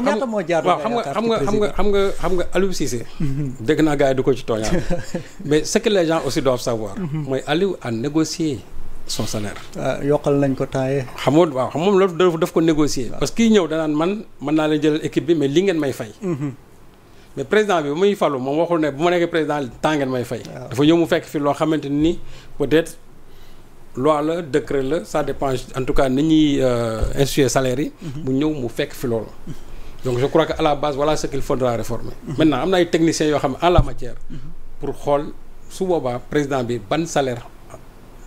ñaata moo jaar waaw xam nga xam nga xam nga xam nga xam nga Aliou Cissé. dégg naa gars yi du ko ci tooñaat mais ce que les gens aussi doivent savoir. Mhm. mooy Aliou a négocié son salaire. Ah, yokkal nañ ko taayee. xam nga waaw xam moom loolu daf ko négocier parce que kii ñëw danaan man mën naa leen jëlal équipe bi mais li ngeen may fay. Mhm. mais président bi bu muy falu moom waxul ne bu ma nekkee président temps ngeen may fay. dafa ñëw mu fekk fi loo xamante ni peut-être. loi la décret la ça dépend en tout cas ni ñuy euh, instituer salaire yi. Mhm. mu ñëw mu fekk fi loolu. donc je crois que à la base voilà ce qu'il faudra réformer. Mhm. maintenant am na ay techniciens yoo xam ne en la matière. Mhm. pour xool su boobaa président bi ban salaire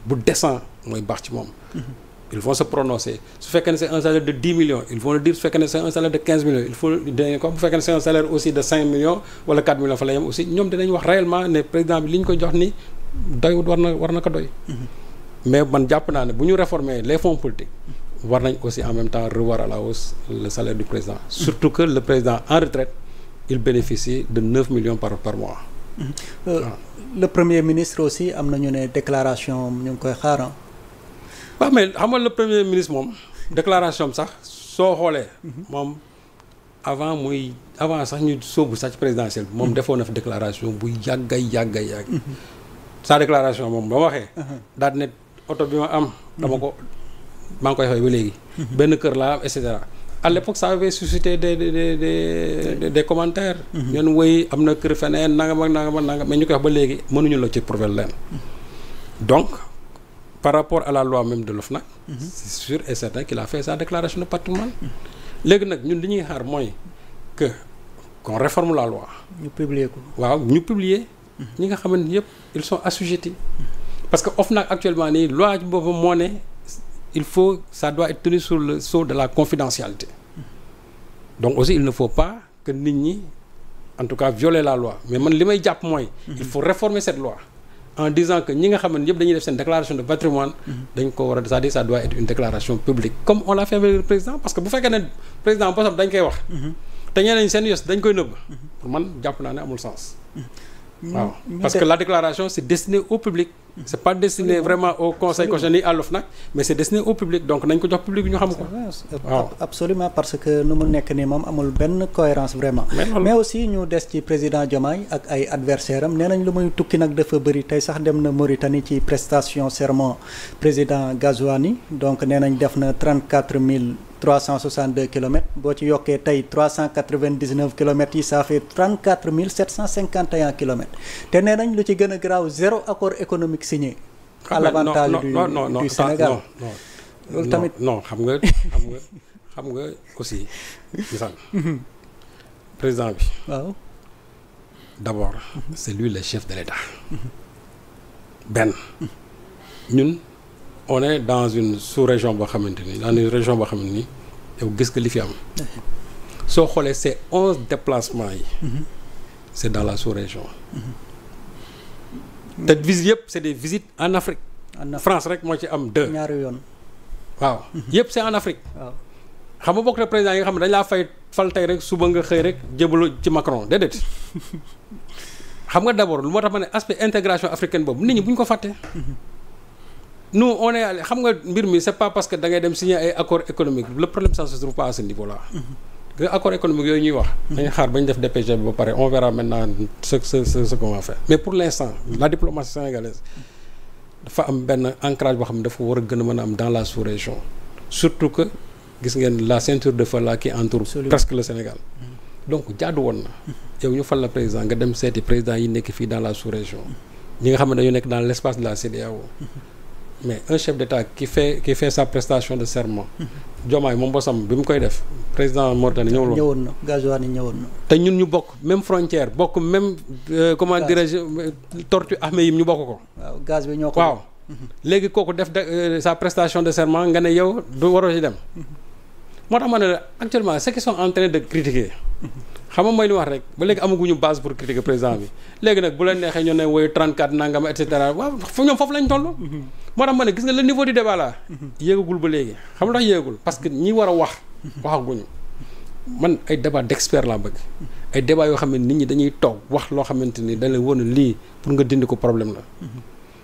bu décent mooy baax ci moom. Mhm. ils vont se prononcer su fekkee ne c'est un salaire de dix millions ils vont le dire su fekkee ne c'est un salaire de quinze millions il faut dinañ ko bu fekkee ne c'est un salaire aussi de cinq millions wala quatre millions fa la yem aussi ñoom dinañ wax war na ko doy. mais man jàpp naa ne bu ñu réformer les fonds politiques. war nañ ko si en même temps revoir à la hausse le salaire du président surtout que le président en retraite il bénéficie de 9 millions par par mois mm-hmm. euh, le premier ministre aussi am na ñu ne déclaration ñu ngi koy xaar waaw mais xam nga premier ministre moom déclaration sax soo xoolee mm-hmm. moom avant muy avant sax ñu sóobu sax ci moom mm-hmm. defoon na fi déclaration bu yàgga yàgga yàgg sa déclaration moom ba waxee uh-huh. daal ne oto bi ma am dama ko maa ngi koy fay ba léegi. benn kër laa am et cetera. à l'époque ça avait suscité des des des des des commentaires. woy am na kër feneen nangam ak nangam ak nangam mais ñu koy wax ba léegi mënuñu la ci prouver leen. donc par rapport à la loi même de l'OFNAC. c'est sûr et certain qu'il a fait sa déclaration de patrimoine. léegi nag ñun li ñuy xaar mooy que qu'on réforme la loi. ñu publier ko waaw ñu publier. ñi nga xamante ni yëpp ils sont assujettis. parce que OFNAC actuellement nii loi boobu moo ne. il faut ça doit être tenu sur le sceau de la confidentialité donc aussi il ne faut pas que nit ñi en tout cas violer la loi mais man li may jàpp mooy il faut réformer cette loi en disant que ñi nga xaman ne ñëpp dañuy def seen déclaration de patrimoine dañ ko war a c'est-à-dire ça doit être une déclaration publique comme on l'a fait avec président parce que bu fekkee ne président bosam dañ koy wax te ñeneen seen yos dañ koy nëbb pour man jàpp naa ne amul sens waaw parce que la déclaration c'est destiné au public c'est pas destiné vraiment au conseil constitutionnel à l'OFNAC mais c'est destiné au public donc nañ ko jox public bi ñu xam ko parce que nu mu nekk nii moom amul benn cohérence vraiment mais aussi ñu des ci président Diomaye ak ay adversaire am nee nañ lu muy tukki nag dafa bëri tey sax dem na Mauritanie ci prestation serment président Gazouani donc nee nañ def na quatre mille trois cent soixante deux kilomètres boo ci yokkee tey trois cent quatre vingt dix neuf kilomètres yi ça fait trente quatre mille te nee nañ lu ci gën a garaaw zéro accord économique signé. Ah, à l'avantage du Sénégal loolu tamit non xam nga xam nga xam nga aussi misaal président bi waaw d'abord mhm. c'est lui le chef de l'État benn ñun on est dans une sous-région boo xamante ni dans une région boo xamante ni yow gis nga li fi am. soo xoolee c'est onze déplacement yi. c'est dans la sous-région. te visite yëpp c'est des visites en Afrique. en Afrique France rek moo ci am deux. yoon. waaw yëpp c'est en Afrique. waaw xam nga bokk na président yi nga xam ne dañ laa fay fal tey rek suba nga xëy rek jëbalu ci Macron déedéet. xam nga d'abord lu moo tax ma ne aspect intégration africaine boobu nit ñi bu ñu ko fàttee. Mhm. nous on est xam nga mbir mi c'est pas parce que da ngay dem signer ay accord économique le problème ça se trouve niveau là nga mhm. accord économique yooyu ñuy wax dañu xaar ba ñu def DPG bi ba pare on verra maintenant ce ce ce ce qu'on va faire mais pour l'instant la diplomatie sénégalaise dafa am benn ancrage boo xam ne dafa war a gën a mën a am dans la sous-région surtout que gis ngeen la ceinture de feu là qui entoure presque le Sénégal mhm. donc jaadu woon na mhm. yow ñu fal la président nga dem seeti président yi nekk fii dans la sous-région ñi nga xam ne dañu nekk dans l'espace de mais un chef d'État qui fait qui fait sa prestation de serment. Diomaye moom bosam bi mu koy def président Mauritanie ñëwul ñëwoon na Gazoani ñëwoon na. te ñun ñu bokk même frontière bokk même. Euh, comment dirais tortu tortue ahmeyim ñu bokk ko. waaw gaz bi ñoo ko léegi kooku def euh, sa prestation de serment nga ne yow du waroo ci dem. moo tax man ne la actuellement ceux qui sont en train de critiquer. xam nga mooy li wax rek ba léegi amaguñu base pour critiquer président bi léegi nag bu leen neexee ñoo ne woyu 34 nangam et cetera waaw ñoom foofu lañ toll. Mhm. moo tax ma ne gis nga le niveau du débat là. yéegagul ba léegi xam nga tax yéegagul parce que ñi war a wax. waxaguñu man ay débat d'expert laa bëgg. ay débat yoo xam ne nit ñi dañuy toog wax loo xamante ni da lay wóor ne lii pour nga dindi ko problème la. Mhm.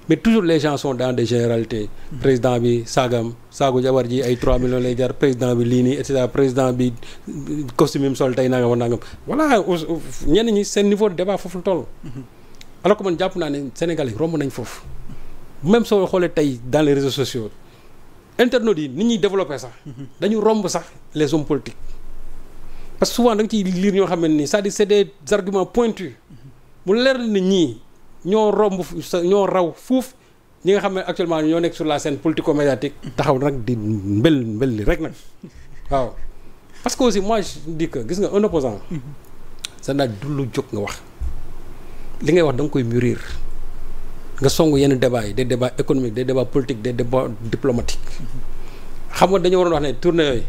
mais toujours les gens sont dans des généralités président bi saagam saagu jabar ji ay 3 millions lay jar président bi lii nii et cetera président bi costume mu sol tey nangam ak nangam voilà ñenn ñi seen niveau de débat foofu la toll. alors que man jàpp naa ne Sénégal yi romb nañ foofu même soo xoolee tey dans les réseaux sociaux internautes yi nit ñuy développé sax. dañu romb sax les hommes politiques parce que souvent da nga ciy lire ñoo xam ne nii c'est-à-dire c'est des arguments pointus mu leer na ñii. ñoo romb sa ñoo raw fuuf ñi nga xam ne actuellement ñoo nekk sur la scène politico médiatique taxaw nag di mbël mbël li rek nag waaw parce que aussi moi je dis gis nga un opposant mhm. sa naaj du lu jóg nga wax li ngay wax da koy mûrir nga song yenn débats yi des débats économiques des débats politiques des débats diplomatiques mhm. xam nga dañu waroon wax ne tournée yooyu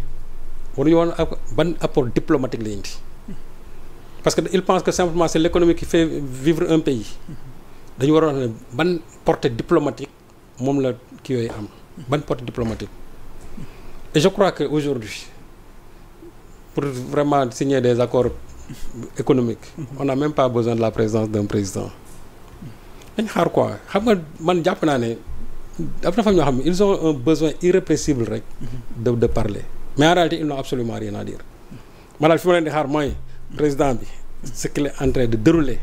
waruñu woon ban apport diplomatique la indi mhm. parce que il pense que simplement c'est l'économie vivre un pays dañu waroon ne ban portée diplomatique moom la kii yooyu am ban portée diplomatique et je crois que aujourd'hui pour vraiment signer des accords économiques on naa même pas besoin de la présence d'un président dañ xaar quoi xam nga man jàpp naa ne dafa am ñoo xam ne ils ont un besoin irrépressible rek de de parler mais en réalité ils n'ont absolument rien à dire maanaam fi ma leen di xaar mooy président bi ce qu'il est en de dérouler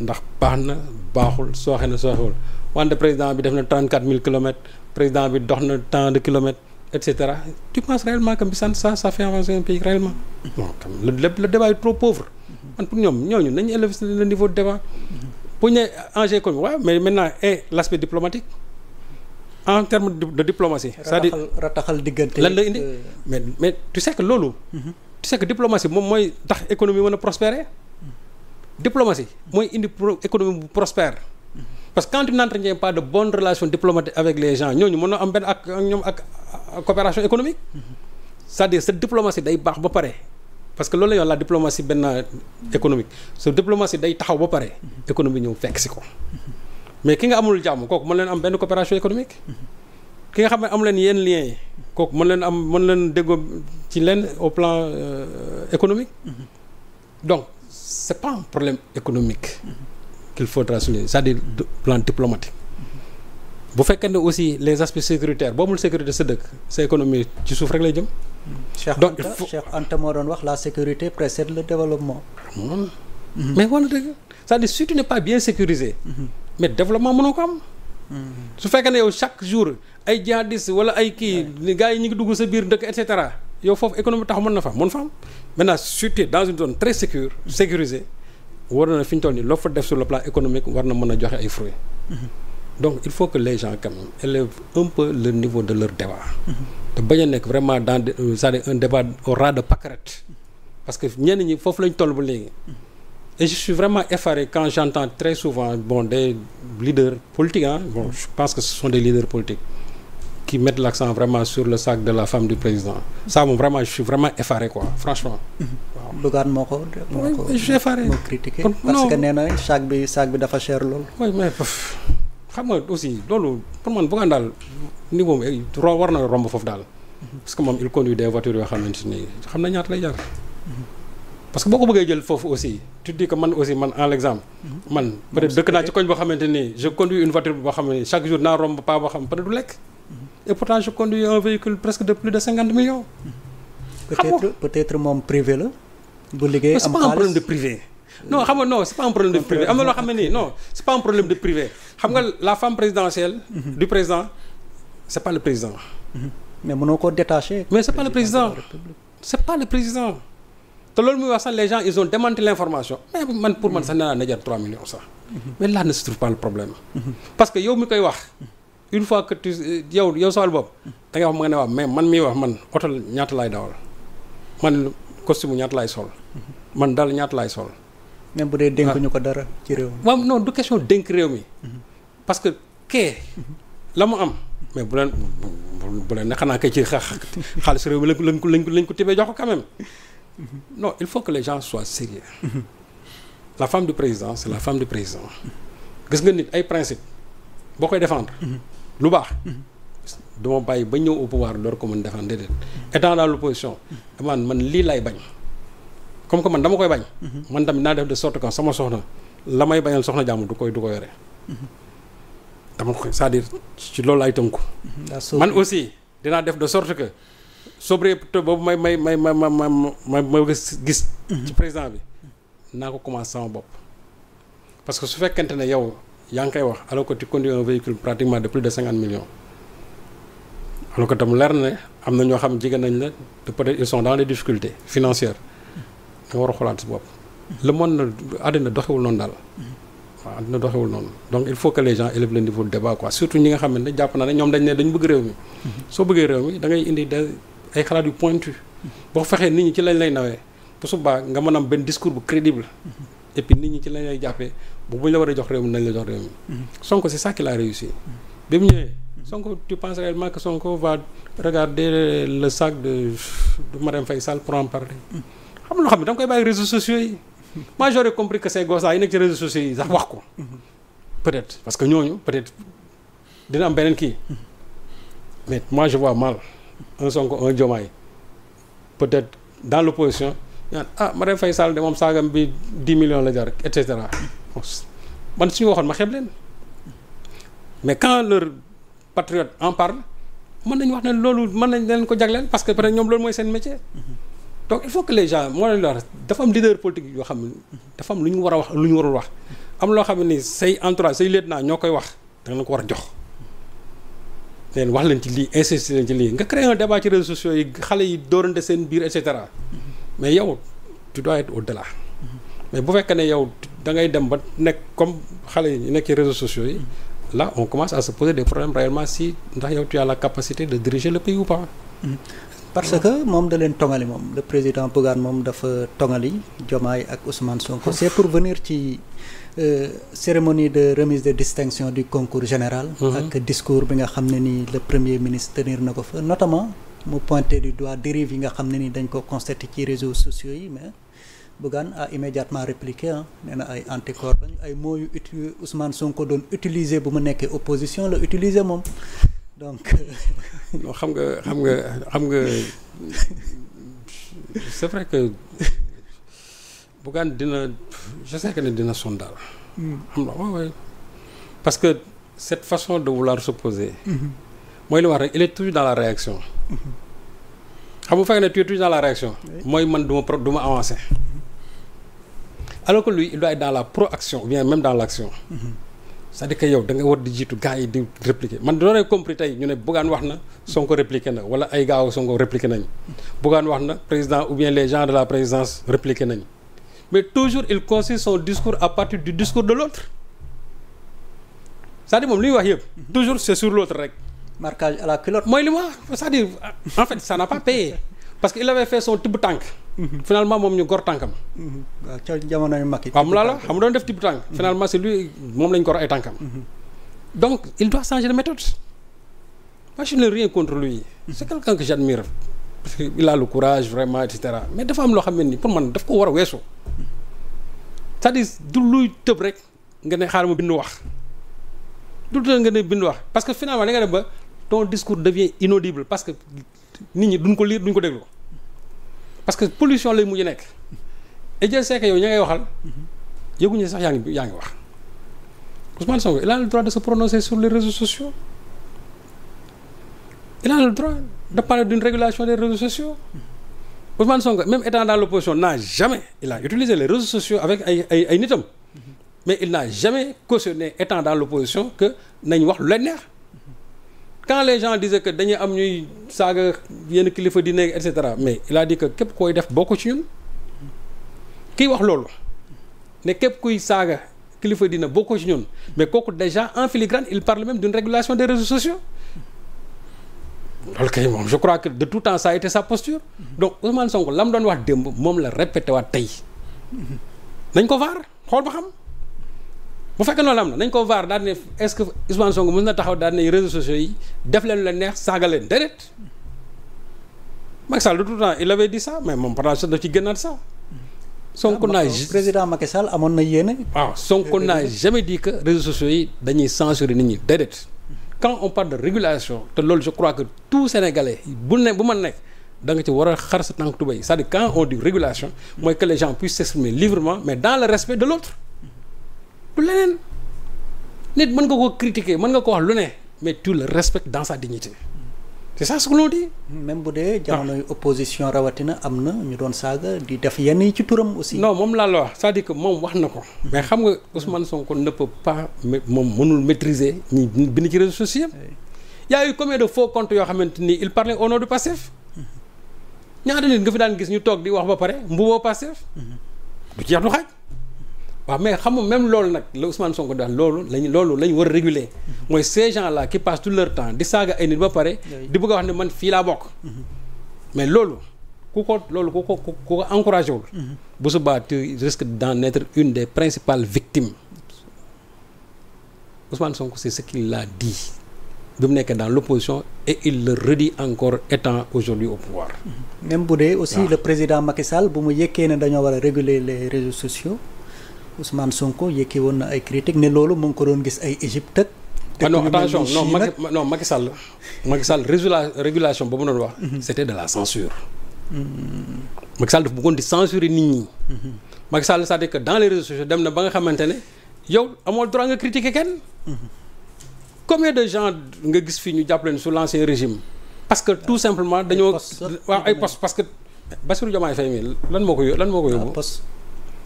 ndax baax na baaxul sooxe na sooxewul wante président bi def na mille kilomètres président bi dox na tant de kilomètres et cetera tu penses réellement que Mbissane ça ça fait avancer un pays réellement. bon le le trop pauvre. man pour ñoom ñooñu nañu élever le niveau de débat. bu ñu nee enjeu économique waaw mais maintenant et l' aspect diplomatique en terme de diplomatie. c'est-à-dire rataxal diggante lan la indi euh, mais mais tu sais loolu. Mhm. tu sais que moom mooy tax économie mën a prospérer. diplomatie mooy indi économie bu prospère parce que quand tu n'entretiens pas de bonnes relations diplomatiques avec les gens ñooñu mënoo am benn ak ñoom ak coopération économique c'est-à-dire sa diplomatie day baax ba pare parce que loolu la yoon la diplomatie économique sa diplomatie day taxaw ba pare économie ñëw fekk si ko mais ki nga amul jàmm kooku mën leen am benn coopération économique ki nga xam ne am leen yenn liens yi kooku mën leen am mën leen déggoo ci leen au plan euh, économique donc c'est pas problème économique qu'il faudra souligner cest à bu fekkee ne aussi les aspects sécuritaires boo amul sa dëkk sa ci suuf rek lay jëm donc il faut Cheikh moo doon wax la sécurité précède le développement mais wala dëgg c'est-à-dire si tu n'es pas bien mhm. ko am mhm. su fekkee ne yow chaque jour ay djihadistes wala ay kii gars yi ñu ngi dugg sa biir dëkk et cetera yow foofu économie tax mën na fa mën fa am maintenant surtout dans une zone très sécure sécurisée war na fi ñu toll nii loo fa def sur le plan économique war na mën a joxe ay fruits. Mm-hmm. donc il faut que les gens quand même un peu le niveau de leur débat. Mm-hmm. te bañ a nekk vraiment dans euh, c'est-à-dire un débat au ras de pâquerette. parce que ñenn ñi foofu lañ toll ba léegi. Mm-hmm. et je suis vraiment effaré quand j'entends très souvent bon des leaders politiques ah bon je pense que ce sont des leaders politiques. qui mettent l'accent vraiment sur le sac de la femme du président ça moom vraiment je suis vraiment effaré quoi franchement. waaw mhm. Bougane moo ko. moo ko moo critiqué parce que nee na bi sac bi dafa cher lool. oui mais xam nga aussi loolu pour man Bougane daal niveau ro eh, war na romb foofu daal. parce que moom il conduit des voitures yoo xamante ni xam na ñaata lay jar. parce que boo ko bëggee jël foofu aussi tu dis man aussi man en l'exemple man peut dëkk naa ci koñ boo xamante e pourtant je conduis un véhicule presque de plus de cinquante millions. xam nga peut-être peut-être moom privé la. bu liggéey am xaalis c'est pas un problème de privé. non xam nga non c'est pas un problème de privé loo xam ne nii non c'est pas un problème de privé xam nga la femme présidentielle. Mhm. du président c'est pas le président. Mhm. mais mënoo koo détacher. mais c'est pas le président c'est pas le président. te loolu muy wax sax les gens ils ont démenti l'information mais man pour man mhm. sax nee naa na millions sax. mais là que yow mi koy wax. une fois que tu yow yow sawal bopp da ngay ne waaw mais man mii wax man oto ñaata laay dawal man costume ñaata laay sol man dal ñaata laay sol. même bu dee dénk ñu ko dara ci réew mi. waaw non du question dénk réew mhm. parce que kee. la mu am mais bu leen bu leen xanaa kay ci xaalis réew mi lañ ko lañ ko ko tibee jox ko quand même mhm. il faut que les gens soient sérieux mhm. la femme du président c'est la femme du président gis nga nit ay principe boo koy défendre. lu baax duma bàyyi ba ñëw au pouvoir door ko mën défendre déedéet étant dans l'opposition man man lii lay bañ comme que man dama koy bañ man tamit naa def de sorte que sama soxna la may bañal soxna jàmm du koy du ko yore dama koy cest à ci loolu laay tënku man aussi dinaa def de sorte que sobriété boobu may may may ma ma ma ma ma gis gis ci président bi naa ko commencé sama bopp parce que su fekkente ne yow yaa ngi koy wax alors que tu conduis un véhicule pratiquement de plus de cinquante millions alors que tam leer na ne am na ñoo xam jigéen nañ la te peut-être ils sont dans les difficultés financières da nga war a xoolaat si bopp. le monde àddina doxewul noonu daal. waaw àddina doxewul noonu donc il faut que les gens élèvent le niveau de débat quoi surtout ñi nga xam ne jàpp naa ne ñoom dañ ne dañ bëgg réew mi. soo bëggee réew mi da ngay indi da ay xalaat yu point boo fexee nit ñi ci lañ lay nawee bu subaa nga mën am benn discours bu crédible. et puis nit ñi ci lañ lay jàppee. bu buñ la war a jox réew mi nañ la jox réew mi. Sonko c'est ça qu'il a bi mu ñëwee. Sonko tu penses réellement que Sonko regarder le sac de de fay sal Sall pour en parler. xam nga loo xam ne da koy bàyyi réseaux sociaux yi. moi j'aurais compris que ces gosses là yi nekk ci réseaux sociaux yi sax wax ko. peut-être parce que ñooñu peut-être dina am beneen kii. mais moi je vois mal un Sonko un Diomaye peut-être dans l'opposition ñaan ah Marème Faye Sall de moom saagam bi 10 millions la jar et man suñu waxoon ma xeeb leen mais quand leur patriote en parle mën nañu wax ne loolu mën nañ leen ko jagleel parce que peut être ñoom loolu mooy seen métier mm-hmm. donc il faut que les gens moo leen wax dafa am leader politique yoo xam ne dafa am lu ñu war a wax lu ñu warul wax am loo xam ne say entourage say lieutenant ñoo koy wax da nga ko war a jox leen wax leen ci lii insister leen ci lii nga créer un débat ci réseaux sociaux yi xale yi dóorante seen biir et mm-hmm. mais yow tu dois être mm-hmm. mais bu fekkee ne yow da ngay dem ba nekk comme xale yi ñu nekk ci réseaux sociaux yi là on commence à se poser des problèmes réellement si ndax yow tu la capacité de diriger le pays ou pas. Mm. parce que moom da leen tongali moom le président Bougane moom dafa tongali Diomaye ak Ousmane Sonko. c'est pour venir ci euh, cérémonie de remise de distinction du concours général. Mm-hmm. ak discours bi nga xam ne nii le premier ministre tenir na ko fa notamment mu pointé du doigt dérive yi nga xam ne nii dañ ko constaté ci réseaux sociaux yi mais. Bougane a immédiatement répliqué ah nee na ay anticorps lañu ay mots yu uti Ousmane Sonko doon utiliser bu mu nekkee opposition la utiliser moom donc. Euh, xam nga xam nga xam nga c'est vrai que Bougane dina je sais ne dina sondal. Hmm. am parce que cette façon de vouloir s'opposer hmm. mooy li wax rek il est toujours dans la réaction. Hmm. xam nga bu fekkee ne tu es dans la réaction. mooy man du pro du ma alors que lui il doit être dans la proaction ou bien même dans l' action. Mm-hmm. dire que yow da nga war di jiitu gars yi di répliquer man doonay compris tey ñu ne Bougane wax na Sonko répliqué na wala ay gaaw Sonko répliqué nañ Bougane wax na président ou bien les gens de la présidence répliqué nañ mais toujours il construit son discours à partir du discours de l'autre c'est-à-dire moom li wax yëpp mm-hmm. toujours c'est sur l'autre rek marquage à la culotte mooy li ma c'est-à-dire parce que il avait fait son tànk Mhm. finalement moom ñu gor tànkam. Mhm. waaw ca jamono yu mag yi. waaw mu la la xam doon def tibb tànk. Mhm. finalement c'est lui moom lañ gor ay tànkam. donc il doit changer de méthode. moi je n'ai rien contre lui. parce que il a courage vraiment et cetera mais dafa am loo xam ne ni pour man daf ko war a weesu. cest à du luy tëb rek nga ne xaar ma bind wax. du tëb nga ne bind wax parce que finalement da dem ba ton discours devient inaudible parce que nit ñi duñ ko lire duñ ko déglu. parce que pollution lay mu mujj nekk Idrissa Seck yow ña ngay waxal yëguñu sax yaa ngi yaa ngi wax Ousmane Sonko il a le droit de se prononcer sur les réseaux sociaux il a le droit de parler d'une régulation des réseaux sociaux Ousmane Sonko même étant dans l'opposition n'a jamais il a utilisé les réseaux sociaux avec ay ay nitam mais il n'a jamais cautionné étant dans l'opposition que nañ wax lu leen neex quand les gens disaient que dañuy am ñuy saaga yenn kilifa di nekk et cetera mais il a dit que képp koy def boo ko ci ñun kiy wax loolu ne képp kuy saaga kilifa dina ko ci ñun mais kooku déjà en filigrane il parle même d'une régulation des réseaux sociaux loolu kay moom je crois que de tout temps ça a été sa posture donc Ousmane Sonko la mu doon wax démb moom la répété waat tey nañ ko vaar xool ba xam bu fekkee loolu am na nañ ko vaar daane ne est-ce que Ousmane Sonko mën na taxaw daal ne sociaux yi def leen la neex saaga leen déedéet Macky Sall de tout temps il avait dit ça mais moom par la suite daf ci gënaat ça. Sonko ah, naa président Macky amoon na yéene. waaw Sonko naa jamais dit que réseaux sociaux yi dañuy censurer nit ñi déedéet. quand on parle de régulation te loolu je crois que tout Sénégalais bu ne bu ma nekk. da nga ci war a xar sa tànk tubéy c'est-à-dire quand on dit régulation mooy que les gens dans le respect de du leneen nit mën nga koo critiquer mën nga ko wax lu ne mais tu le respectes dans sa dignité c'est ça ce que l'on dit. même bu dee jamonoy opposition rawatina am na ñu doon saaga di def yenn yi ci turam aussi. non moom laa la wax c'est-à-dire que moom wax na ko. mais xam nga Ousmane Sonko ne peut pas moom mënul maîtriser ñi bind ci réseaux sociaux y a eu combien de foo comptes yoo xamante ni il parlait au nom du Pastef mhm. ñaata nit nga fi daan gis ñu toog di wax ba pare mbuboo Pastef mhm. du jeex du waaw mais xam nga même loolu nag la Ousmane Sonko daal loolu lañ loolu lañ war a réguler mooy ces gens là qui passent tout leur temps di saaga ay nit ba pare di bëgg a wax ne man fii laa bokk mais loolu ku ko loolu ku ko ku ko encouragé wul mhm. bu subaa tu risques d'en être une des principales victimes Ousmane Sonko c'est ce qu'il a dit bi mu nekkee dans l'opposition et il le redit encore étant aujourd'hui au pouvoir mhm. même bu dee aussi ah. président Macky Sall bu mu yëkkee ne dañoo war réguler les réseaux sociaux Ousmane Sonko yëkkee woon na ay critiques ne loolu mu ngi ko doon gis ay Égypte ak. ah non attention non Macky non Macky Sall Macky Sall régulation ba mu doon wax. Mhm. c'était de la censure. Mhm. Macky Sall dafa bëggoon di censurer nit ñi. Mhm. Macky Sall cest à que dans les réseaux sociaux dem na ba nga xamante ne yow amoo droit nga critiquer kenn. combien de gens nga gis fii ñu jàpp leen sous l'ancien régime. parce que tout simplement dañoo. waaw ay postes parce que Bassirou Diomaye Faye mi lan moo ko yóbbu lan moo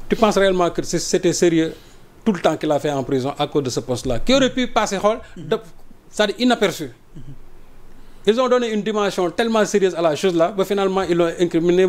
tu penses réellement que c'était sérieux tout le temps qu'il a fait en prison à cause de ce poste-là qui aurait pu passer xool de c'est-à-dire mm-hmm. ils ont donné une dimension tellement sérieuse à la chose là ba finalement ils l'ont incriminé